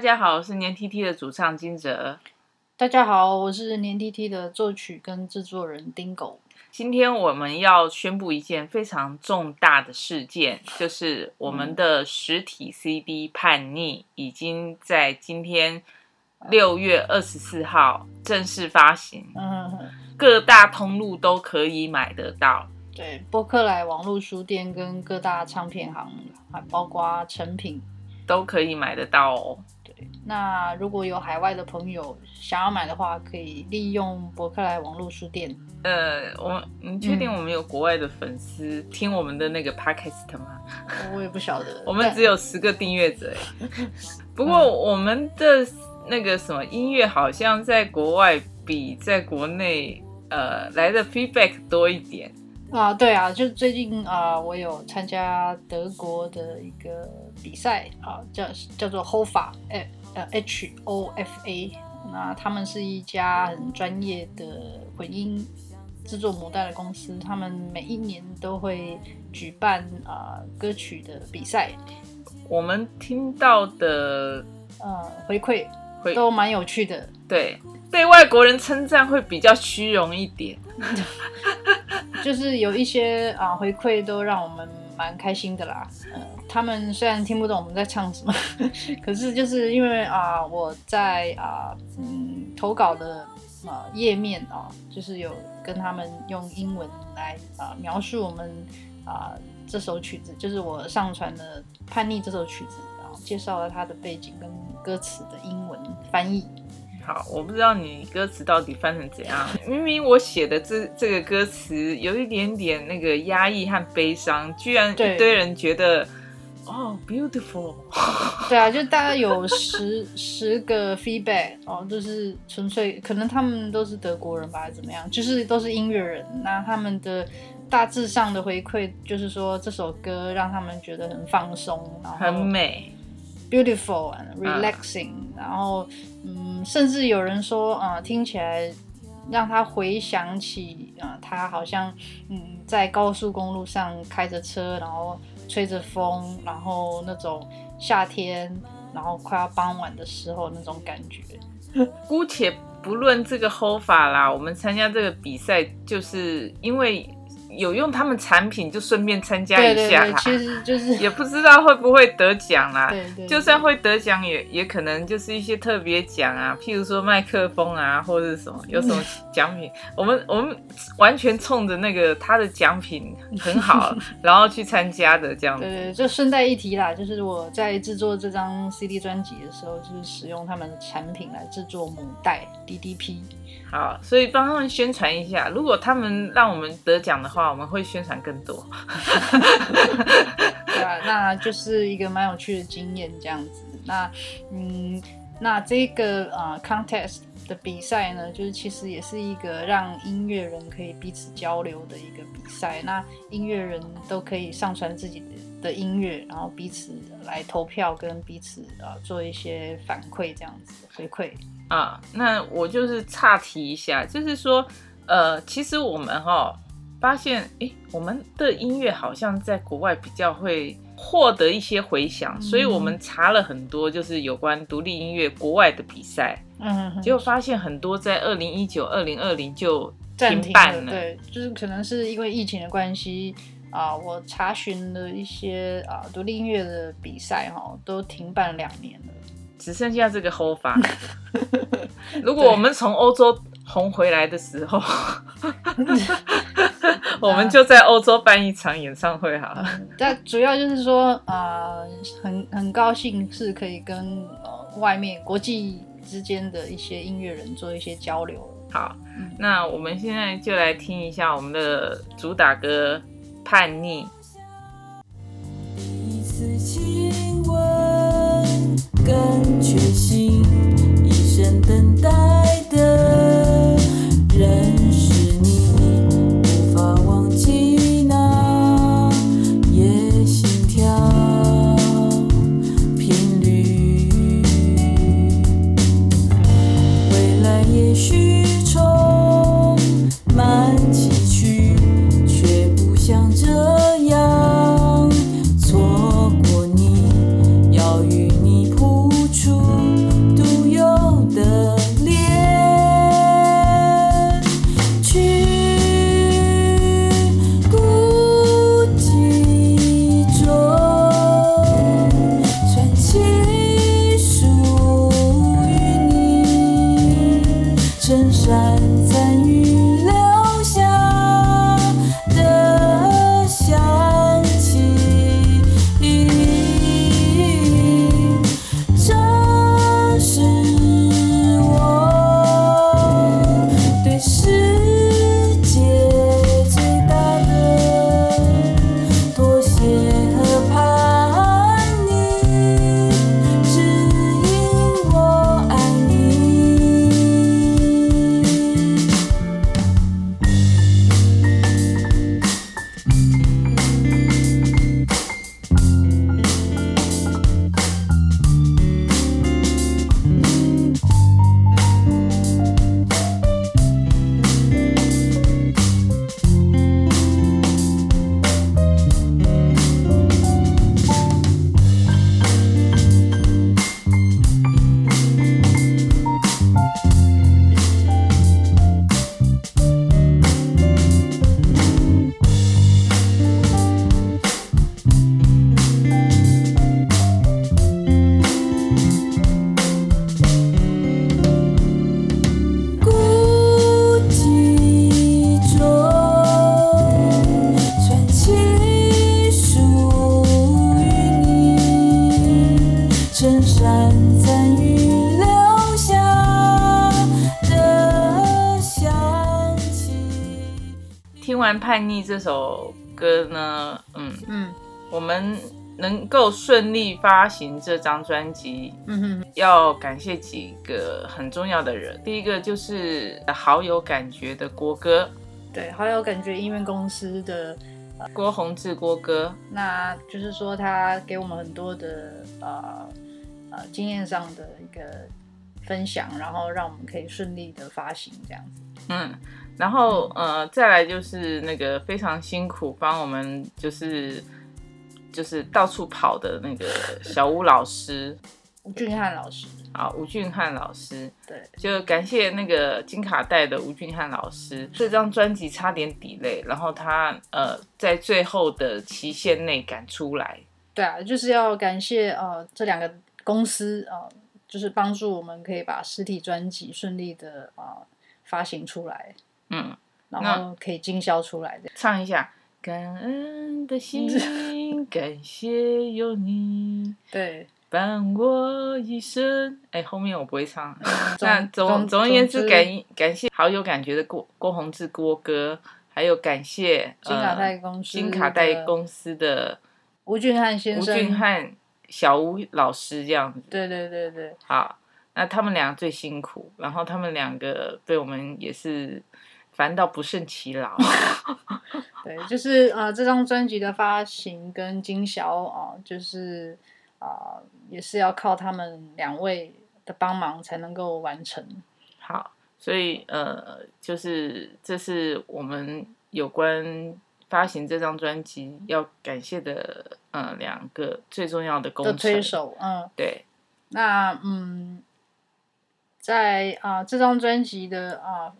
大家好，我是黏 tt 的主唱驚蟄。大家好，我是黏 tt 的作曲跟製作人 Dingo。今天我們要宣布一件非常重大的事件，就是我們的實體 C D《叛逆》已經在今天六月二十四號正式發行。嗯。各大通路都可以買得到。對，博客來、網絡書店跟各大唱片行，還包括誠品都可以買得到哦。那如果有海外的朋友想要買的話，可以利用博客來網絡書店。呃，我你確定我們有國外的粉絲聽我們的那個 podcast 嗎？我也不曉得， 我們只有十個訂閱者。不過我們的那個什麼音樂好像在國外比在國內呃來的 feedback 多一點啊、呃。對啊，就最近啊、呃，我有參加德國的一個。比賽啊、呃，叫叫做 Hofa，呃，H O F A。那他們是一家很專業的混音制作母帶的公司，他們每一年都會舉辦啊、呃、歌曲的比賽。我們聽到的呃回饋，都蠻有趣的。對，被外國人稱讚會比較虛榮一點， 就是有一些啊、呃、回饋都讓我們。蠻開心的啦、呃，他們雖然聽不懂我們在唱什麼，可是就是因為啊、呃，我在啊、呃，嗯，投稿的啊、呃、頁面啊、呃，就是有跟他們用英文來啊、呃、描述我們啊、呃、這首曲子，就是我上傳的《叛逆》這首曲子，然後、呃、介紹了它的背景跟歌詞的英文翻譯。我不知道你歌詞到底翻成怎樣。明明我寫的這這個歌詞有一點點那個壓抑和悲傷，居然一堆人覺得哦、oh, beautiful。對啊，就大概有十 十個 feedback，哦，就是純粹可能他們都是德國人吧，還怎麼樣，就是都是音樂人，那他們的大致上的回饋就是說這首歌讓他們覺得很放鬆，然後，很美，beautiful and relaxing、uh.。然後，嗯，甚至有人說，啊、呃，聽起來讓他回想起，啊、呃，他好像，嗯，在高速公路上開着車，然後吹着風，然後那種夏天，然後快要傍晚的時候那種感覺。姑且不論這個吼法啦，我們參加這個比賽就是因為。有用他們產品就順便參加一下哈，其實就是也不知道會不會得獎啦。 就算會得獎也也可能就是一些特別獎啊，譬如說麥克風啊或者是什麼，有什麼獎品， 我們我們完全衝着那個他的獎品很好， 然後去參加的這樣子。對對，對，就順帶一提啦，就是我在製作這張 CD 專輯的時候，就是使用他們的產品來製作母帶 DDP。好，所以幫他們宣傳一下。如果他們讓我們得獎的話，我們會宣傳更多。 對啊，那就是一個蠻有趣的經驗，這樣子。那嗯，那這個啊、呃、contest 的比賽呢，就是其實也是一個讓音樂人可以彼此交流的一個比賽。那音樂人都可以上傳自己的的音樂，然後彼此來投票，跟彼此啊做一些反饋，這樣子回饋啊。那我就是岔題一下，就是說，呃，其實我們哈、哦、發現，誒，我們的音樂好像在國外比較會獲得一些回響，嗯、所以我們查了很多，就是有關獨立音樂國外的比賽，嗯，結果發現很多在二零一九、二零二零就停辦了，暫停了，對，就是可能是因為疫情的關係。啊，我查詢了一些啊，獨立音樂的比賽哈、哦，都停辦兩年了，只剩下這個 Hofa。如果我們從歐洲紅回來的時候， 我們就在歐洲辦一場演唱會好了。嗯、但主要就是說啊、呃，很很高興是可以跟、呃、外面國際之間的一些音樂人做一些交流。好，嗯、那我們現在就來聽一下我們的主打歌。叛逆。第一次親吻，感覺新，一生等待。叛逆這首歌呢，嗯嗯，我們能夠順利發行這張專輯，嗯哼，要感謝幾個很重要的人。第一個就是好有感覺的郭哥，對，好有感覺音樂公司的、呃、郭宏志郭哥，那就是說他給我們很多的呃呃經驗上的一個。分享，然後讓我們可以順利的發行這樣子。嗯，然後呃，再來就是那個非常辛苦幫我們就是就是到處跑的那個小吳老師，吳 俊翰老師。啊。吳俊翰老師。對，就感謝那個金卡帶的吳俊翰老師，所以這張專輯差點 delay，然後他呃在最後的期限內趕出來。對啊，就是要感謝呃這兩個公司啊。呃就是幫助我們可以把實體專輯順利的啊發行出來，嗯，然後可以經銷出來的。唱一下，感恩的心、嗯，感謝有你，對，伴我一生。哎，後面我不會唱。嗯、總那總總而言之，之，感感謝好有感覺的郭郭宏志郭哥，還有感謝金卡貸公司，金卡貸公司的、呃、公司的，的吳俊翰先生。吳俊小吳老師這樣子，對對對對，好，那他們兩個最辛苦，然後他們兩個對我們也是煩到不勝其擾。 對，就是呃，這張專輯的發行跟經銷啊，就是啊、呃，也是要靠他們兩位的幫忙才能夠完成。好，所以呃，就是這是我們有關。發行這張專輯要感謝的，嗯，兩個最重要的功的推手，嗯，對，那嗯，在啊、呃、這張專輯的啊、呃，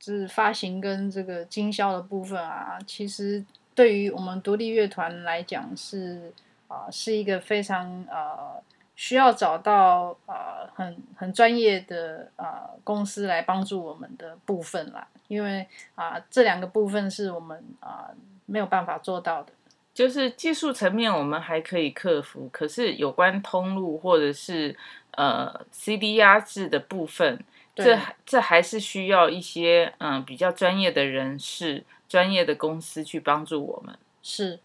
就是發行跟這個經銷的部分啊，其實對於我們獨立樂團來講是啊、呃、是一個非常呃。需要找到啊、呃、很很專業的啊、呃、公司來幫助我們的部分啦，因為啊、呃、這兩個部分是我們啊、呃、沒有辦法做到的。就是技術層面我們還可以克服，可是有關通路或者是呃 CD 壓製的部分，這這還是需要一些嗯、呃、比較專業的人士、專業的公司去幫助我們。是。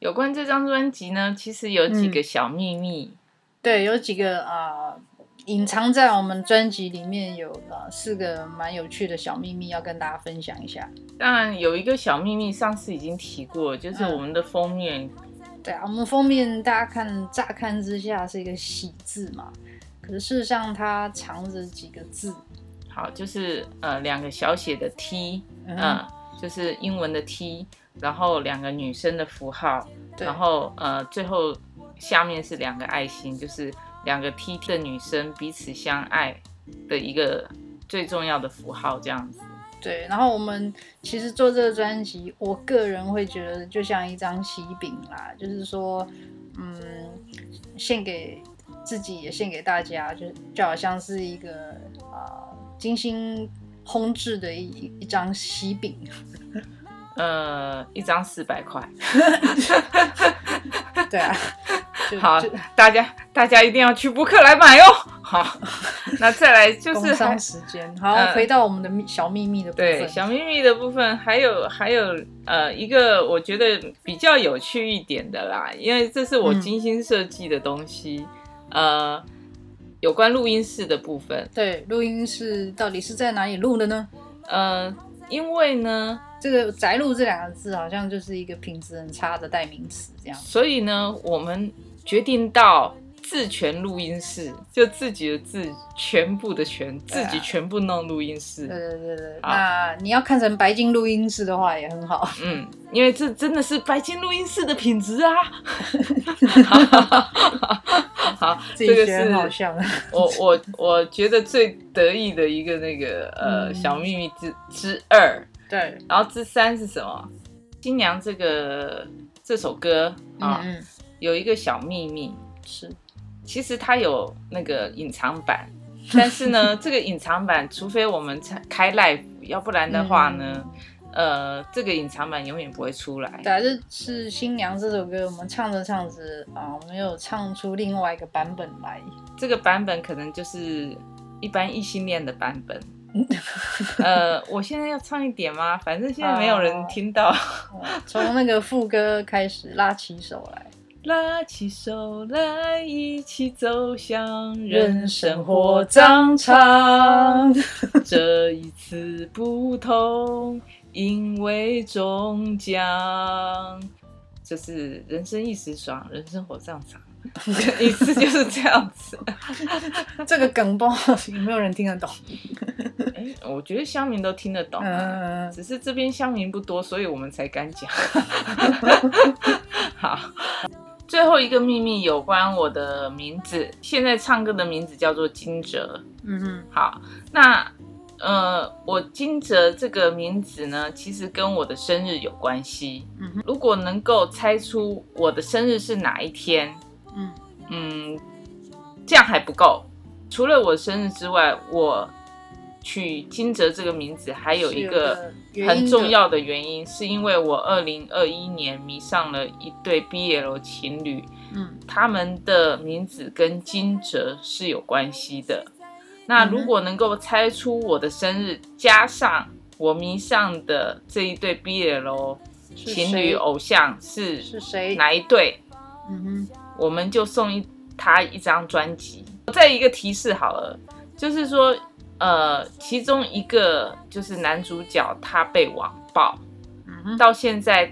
有關這張專輯呢，其實有幾個小秘密。嗯對，有幾個啊、呃，隱藏在我們專輯裡面有啊、呃、四個蠻有趣的小秘密要跟大家分享一下。當然有一個小秘密，上次已經提過，就是我們的封面。嗯、對啊，我們封面大家看乍看之下是一個喜字嘛，可是事實上它藏着幾個字。好，就是呃兩個小寫的 T，、呃、嗯，就是英文的 T，然後兩個女生的符號，對，然後呃最後。下面是兩個愛心，就是兩個 T 的女生彼此相愛的一個最重要的符號，這樣子。對。然後我們其實做這個專輯，我個人會覺得就像一張喜餅啦，就是說，嗯，獻給自己也獻給大家，就就好像是一個、呃、精心烘制的一一張喜餅， 呃，一張四百塊。 對啊。好，大家大家一定要去博客來買哦。好，那再來就是工商時間。好、呃，回到我們的小秘密的部分。對，小秘密的部分還有還有呃一個我覺得比較有趣一點的啦，因為這是我精心設計的東西、嗯。呃，有關錄音室的部分。對，錄音室到底是在哪裡錄的呢？呃，因為呢，這個宅錄這兩個字好像就是一個品質很差的代名詞，這樣。所以呢，我們。決定到自全錄音室，就自己的自全部的全，啊，自己全部弄錄音室。對對對對，那你要看成白金錄音室的話也很好。嗯，因為這真的是白金錄音室的品質啊。 好，很好，這個是我。我我我覺得最得意的一個那個呃、嗯、小秘密之之二。對。然後之三是什麼？新娘這個這首歌，嗯、啊。有一個小秘密是，其實它有那個隱藏版，但是呢， 這個隱藏版除非我們開 live，要不然的話呢、嗯，呃，這個隱藏版永遠不會出來。打、嗯、的是《新娘》這首歌，我們唱着唱着啊，沒有唱出另外一個版本來。這個版本可能就是一般異性戀的版本。 呃，我現在要唱一點嗎？反正現在沒有人聽到，嗯嗯、從那個副歌開始 拉起手來。拉起手來，一起走向人生火葬場。這一次不同，因為中獎。這是人生一時爽，人生火葬場。 這一次 就是這樣子。 這個梗爆，有沒有人聽得懂？ 欸，我覺得鄉民都聽得懂。嗯嗯嗯。只是這邊鄉民不多，所以我們才敢講。 好。最後一個秘密有關我的名字，現在唱歌的名字叫做驚蟄。嗯哼，好，那呃，我驚蟄這個名字呢，其實跟我的生日有關係。嗯哼，如果能夠猜出我的生日是哪一天，嗯嗯，這樣還不夠，除了我生日之外，我。取驚蟄這個名字還有一個很重要的原因，是因為我二零二一年迷上了一對 BL 情侶，嗯，他們的名字跟驚蟄是有關係的。那如果能夠猜出我的生日，加上我迷上的這一對 BL 情侶偶像是誰，哪一對，嗯哼，我們就送一他一張專輯。再一個提示好了，就是說。呃，其中一個就是男主角他被網暴，嗯，到現在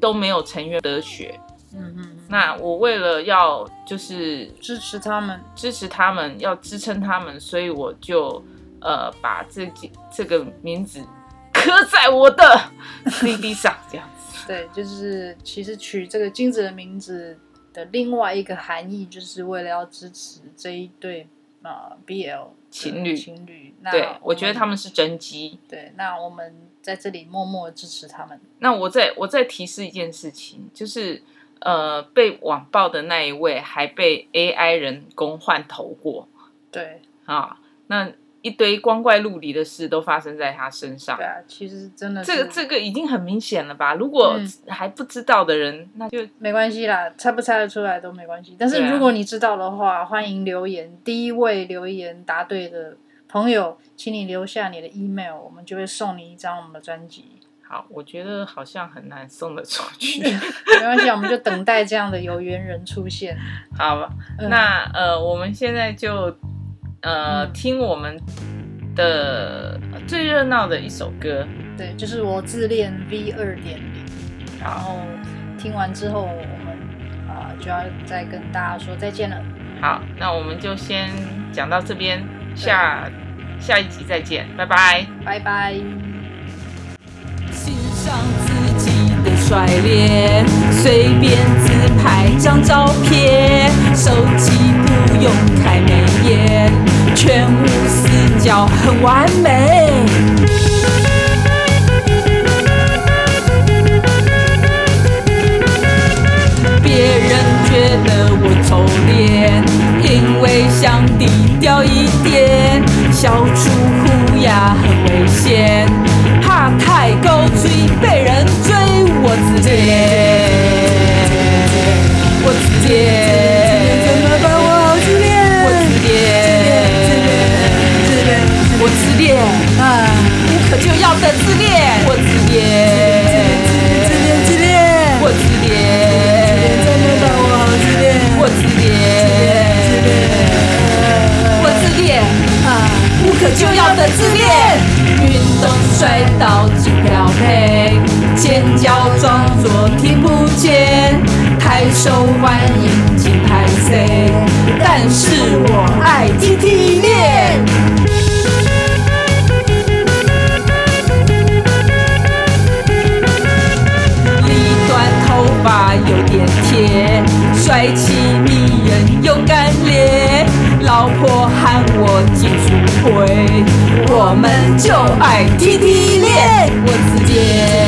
都沒有成員得雪。嗯哼嗯哼，那我為了要就是支持他們，支持他們，要支撐他們，所以我就呃把自己這個名字刻在我的 CD 上， 這樣子。對，就是其實取這個金子的名字的另外一個含義，就是為了要支持這一對。啊，B L 情侶情侶，情侶那對我，我覺得他們是真機。對，那我們在這裡默默支持他們。那我再我再提示一件事情，就是呃，被網暴的那一位還被 A I 人工換頭過。對啊，那。一堆光怪陸離的事都發生在他身上。對啊，其實真的，這個這個已經很明顯了吧？如果、嗯、還不知道的人，那就沒關係啦，猜不猜得出來都沒關係。但是、啊、如果你知道的話，歡迎留言。第一位留言答對的朋友，請你留下你的 email，我們就會送你一張我們的專輯。好，我覺得好像很難送得出去。 沒關係，我們就等待這樣的有緣人出現。好吧、嗯，那呃，我們現在就。呃，聽我們的最熱鬧的一首歌，對，就是我自戀 V 二點零。然後聽完之後，我們、呃、就要再跟大家說再見了。好，那我們就先講到這邊，下下一集再見，拜拜，拜拜。欣賞自己的帥臉，隨便自拍張照片，手機不用太美。全無死角很完美，別人覺得我醜臉，因為想低調一點，笑出虎牙很危險，怕太高吹。受歡迎，金牌 C，但是我愛 T T 戀。理短 頭髮有點貼帥氣迷人又幹練，老婆喊我進廚房，我們就愛 T T 戀。我直接。